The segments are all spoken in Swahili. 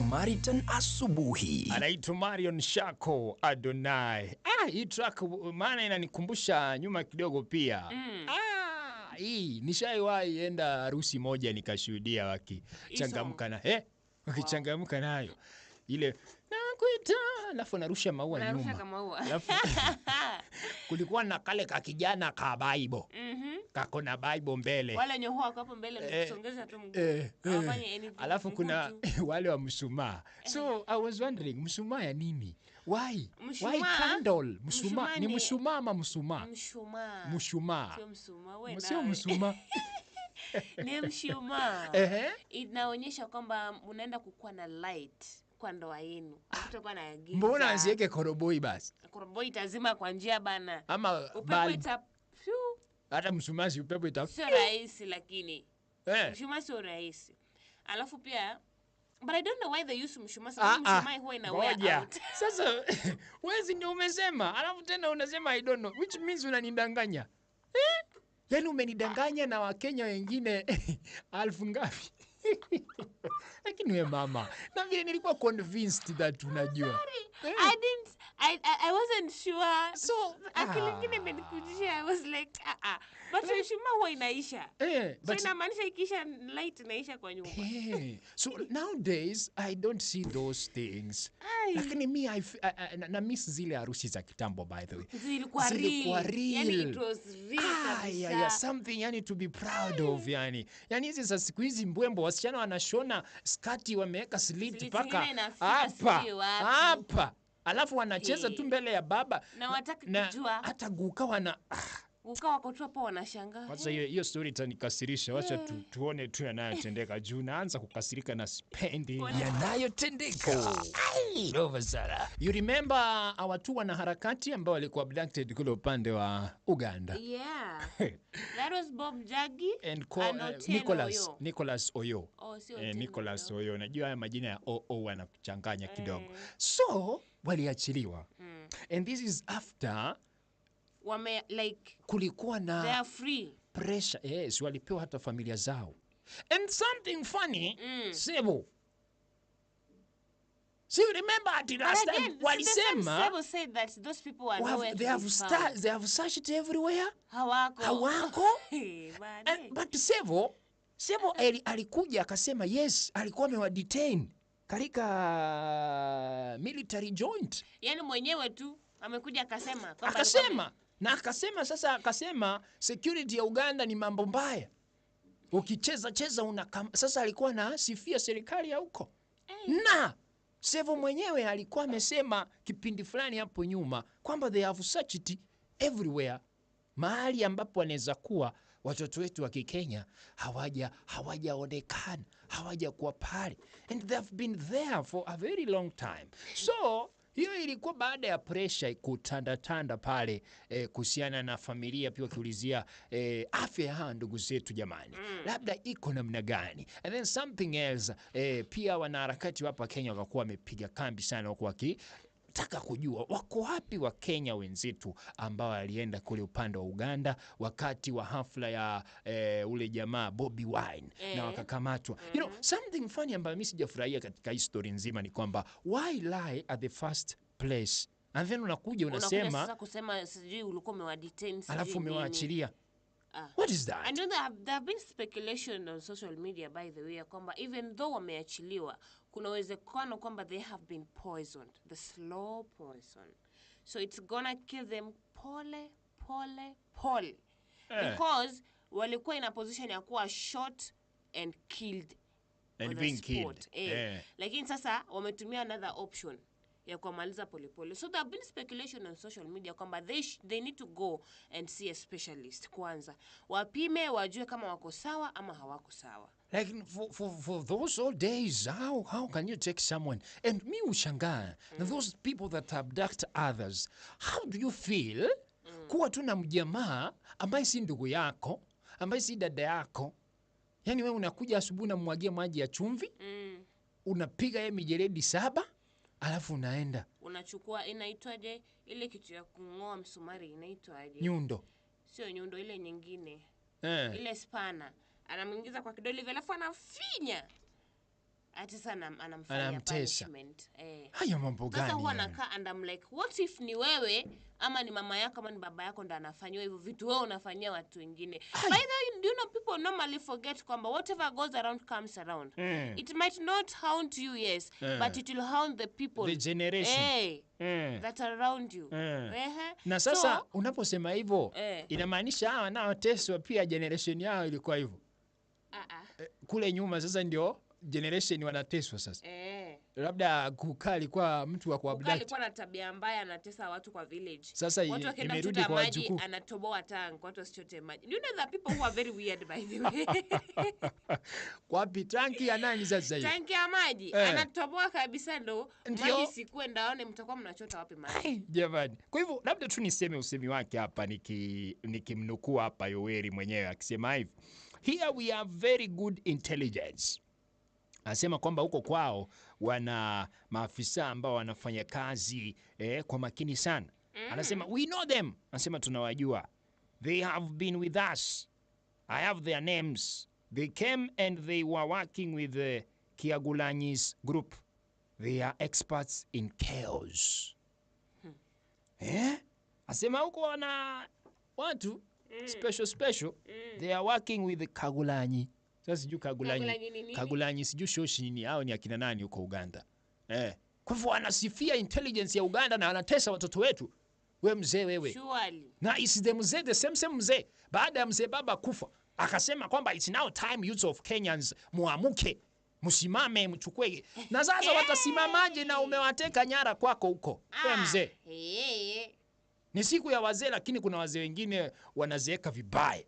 Samaritan asubuhi. Anaitwa Marion Shako Adonai. Ah, hii track maana inanikumbusha nyuma kidogo pia mm. Ah, hii nishaiwahi enda harusi moja nikashuhudia wakichangamka na eh, wakichangamka nayo ile nakuita, alafu narusha maua nyuma. Alafu kulikuwa na kale ka kijana ka Bible mm -hmm. kako na Bible mbele wale nyohoa hapo mbele eh, msongeza tu mguu eh, eh. Alafu kuna wale wa msuma So eh. I was wondering msuma ya nini? Why? Mshuma, Why candle? msuma ni msuma ama msuma msuma msuma Sio mshumaa wewe. Sio mshumaa. ni mshumaa. Ehe. Inaonyesha kwamba unaenda kukua na light kwa ndoa yenu. Ah. Hakutakuwa na giza. Mbona asiweke koroboi basi? Koroboi itazima kwa njia bana. Ama upepo ita hata msumasi upepo ita sio rahisi lakini. Eh. Mshumaa sio rahisi. Alafu pia But I don't know why they use mshumaa. Ah, mshumaa ah. huwa ina wear out. Sasa wezi ndio umesema. Alafu tena unasema I don't know which means unanidanganya. Eh? Yaani umenidanganya na Wakenya wengine alfu ngapi? lakini we mama na vile nilikuwa convinced that unajua Sorry, eh. I didn't, I, wasn't sure. So, ah. I was like ah ah. But huwa inaisha. Eh, so light inaisha kwa nyumba. Eh, so nowadays I don't see those things. Lakini mi na, miss zile harusi za kitambo by the way. real. Yani it was real ah, yeah, yeah, something yani to be proud Ay. of yani. Yani hizi za siku hizi mbwembo wasichana wanashona unaona skati wameweka sliti mpaka hapa hapa, alafu wanacheza eh. tu mbele ya baba na, na hata guka wana ah ukawa hapo tu hapo wanashangaa. Kwanza hiyo hiyo story itanikasirisha, wacha tu, eh. tuone tu yanayotendeka juu naanza kukasirika na spendi yanayotendeka. Oh. Nova Zara. You remember our two wanaharakati ambao walikuwa abducted kule upande wa Uganda. Yeah. That was Bob Jagi and, co and uh, Nicholas Oyo. Nicholas Oyo. Oh, sio eh, Nicholas Oyo. Najua haya majina ya OO wanakuchanganya kidogo. Mm. So waliachiliwa. Mm. And this is after wame like kulikuwa na they are free pressure. Yes, eh, walipewa hata familia zao and something funny mm. Sebo So you remember at last again, time walisema Sebo said that those people are have, they have star, they have searched everywhere hawako, hawako. and, but Sebo Sebo alikuja akasema yes, alikuwa detain katika uh, military joint, yani mwenyewe tu amekuja akasema akasema na akasema sasa, akasema security ya Uganda ni mambo mbaya, ukicheza cheza una sasa. Alikuwa anasifia serikali ya huko na Sevo mwenyewe alikuwa amesema kipindi fulani hapo nyuma kwamba they have searched everywhere, mahali ambapo wanaweza kuwa watoto wetu wa Kikenya hawaja hawajaonekana hawaja kuwa pale, and they have been there for a very long time so hiyo ilikuwa baada ya presha kutandatanda pale e, kuhusiana na familia pia wakiulizia e, afya ya ndugu zetu jamani, mm. labda iko namna gani? And then something else e, pia wanaharakati hapa Kenya wakakuwa wamepiga kambi sana, waki taka kujua wako wapi wa kenya wenzetu ambao alienda kule upande wa Uganda wakati wa hafla ya e, ule jamaa Bobby Wine e. na eh. wakakamatwa mm -hmm. You know, mm-hmm. something funny ambayo mimi sijafurahia katika historia nzima ni kwamba why lie at the first place and then unakuja unasema, alafu umewaachilia Uh, What is that? I know there have, there have been speculation on social media by the way ya kwamba even though wameachiliwa kuna uwezekano kwamba they have been poisoned, the slow poison. So it's gonna kill them pole pole pole. Eh. Because walikuwa in a position ya kuwa shot and killed and being sport. killed. Eh. Eh. Lakini sasa wametumia another option ya kuwamaliza polepole. So there have been speculation on social media kwamba they, they need to go and see a specialist kwanza, wapime wajue kama wako sawa ama hawako sawa. Like for, for, for those old days, how, how can you take someone? And me, Ushanga, mm. those people that abduct others, how do you feel mm. kuwa tu na mjamaa ambaye si ndugu yako ambaye si dada yako, yani wewe unakuja asubuhi unamwagia maji ya chumvi mm. unapiga ye mijeledi saba alafu unaenda unachukua, inaitwaje ile kitu ya kung'oa msumari inaitwaje? nyundo Sio nyundo, ile nyingine eh. ile spana, anamwingiza kwa kidole hivi, alafu anafinya ati sana, anamfanya punishment eh. Haya mambo gani? Sasa huwa nakaa and I'm like what if ni wewe ama ni mama yako ama ni baba yako ndo anafanywa hivyo vitu, wewe unafanyia watu wengine. By the way, do you know people normally forget kwamba whatever goes around comes around. Mm. It might not haunt you, yes, mm. but it will haunt the people. The generation. Hey. Eh. Eh. Mm. That around you. Mm. Uh-huh. Na sasa so, unaposema hivyo eh, inamaanisha hawa naoteswa pia generation yao ilikuwa hivyo. Uh-uh. Kule nyuma sasa ndio generation wanateswa sasa. Eh labda kukaa alikuwa mtu wa kuabduct. Alikuwa na tabia mbaya, anatesa watu kwa village. Sasa watu wakienda kuchota maji anatoboa tank, watu wasichote maji. You know the people who are very weird by the way. Kwa tanki ya nani sasa hii? Tanki ya maji eh, anatoboa kabisa ndo maji sikwenda aone mtakuwa mnachota wapi maji. Jamani. Kwa hivyo labda tu niseme usemi wake hapa niki nikimnukuu hapa Yoweri mwenyewe akisema hivi. Here we have very good intelligence. Anasema kwamba huko kwao wana maafisa ambao wanafanya kazi eh, kwa makini sana. Mm. Anasema we know them, anasema tunawajua. They have been with us, I have their names. They came and they were working with the Kiagulanyi's group. They are experts in chaos. Hmm. Eh? Asema huko wana watu mm. special special. Mm. They are working with Kagulanyi. Sasa sijui Kagulanyi, Kagulanyi sijui shoshi nini, hao ni akina nani huko Uganda eh? Kwa hivyo anasifia intelligence ya Uganda na anatesa watoto wetu. We mzee wewe, na is the mzee the same same mzee, baada ya mzee baba kufa akasema kwamba it's now time youth of Kenyans muamuke, msimame mchukue. Na sasa watasimamaje na umewateka nyara kwako huko? We ah, mzee, eh, eh, eh. ni siku ya wazee, lakini kuna wazee wengine wanazeeka vibaya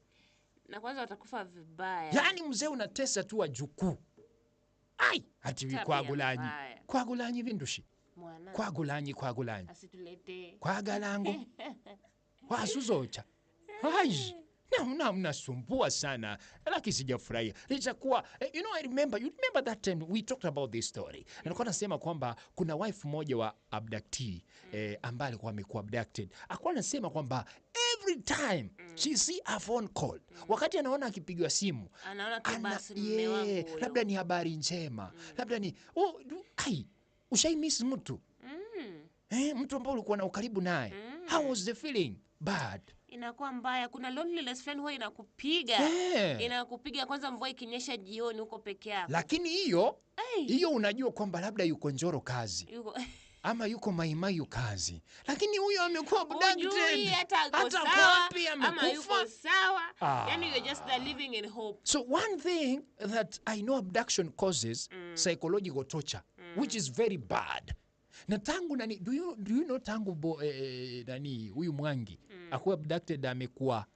na kwanza watakufa vibaya. Yaani mzee unatesa tu wajukuu. Ai, hati kwagulanyi. Kwagulanyi vindushi. Mwana. Kwagulanyi kwagulanyi. Asitulete. Kwagalango. Wasuzocha. Ai. Na una mnasumbua sana. Lakini sijafurahia. Licha kuwa eh, you know I remember you remember that time we talked about this story. Na nilikuwa nasema kwamba kuna wife mmoja wa abductee mm. eh, ambaye alikuwa amekuwa abducted. Alikuwa anasema kwamba every time mm. she see a phone call mm. wakati anaona akipigwa simu anaona tu basi mume wangu labda ni habari njema mm. labda ni oh, ai ushai miss mtu mm. eh, mtu ambao ulikuwa na ukaribu naye mm. how was the feeling bad inakuwa mbaya. Kuna loneliness friend huwa inakupiga yeah. Inakupiga kwanza, mvua ikinyesha jioni, huko peke yako, lakini hiyo hiyo unajua kwamba labda yuko Njoro kazi yuko. ama yuko maimayu kazi, lakini huyo amekuwa abducted, hata wapi amekufa sawa. Ah. Yani you're just living in hope. So one thing that I know abduction causes mm. psychological torture mm. which is very bad na tangu nani, do you, do you know tangu bo, eh, eh nani huyu Mwangi mm. akuwa abducted amekuwa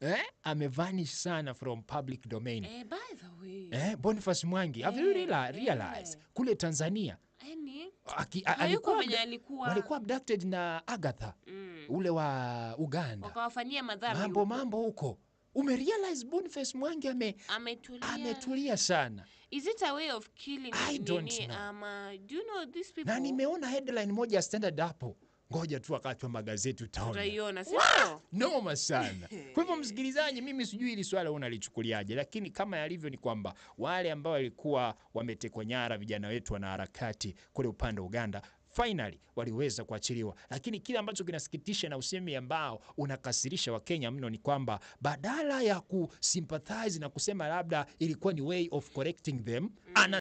eh, amevanish sana from public domain eh, by the way eh, Boniface Mwangi eh, have you eh, realized eh, kule Tanzania yani Aki, a, alikuwa, alikuwa... walikuwa abducted na Agatha mm. ule wa Uganda, wakawafanyia madhara mambo mambo huko. Umerealize Boniface Mwangi ame, ametulia. ametulia sana. Is it a way of killing I don't know. Ama, do you know these people? Na nimeona headline moja ya Standard hapo ngoja tu wakati wa magazeti utaona noma sana. Kwa hivyo, msikilizaji, mimi sijui hili swala unalichukuliaje, lakini kama yalivyo ni kwamba wale ambao walikuwa wametekwa nyara vijana wetu wanaharakati kule upande wa Uganda finally waliweza kuachiliwa, lakini kile ambacho kinasikitisha na usemi ambao unakasirisha Wakenya mno ni kwamba badala ya kusympathize na kusema labda ilikuwa ni way of correcting them mm.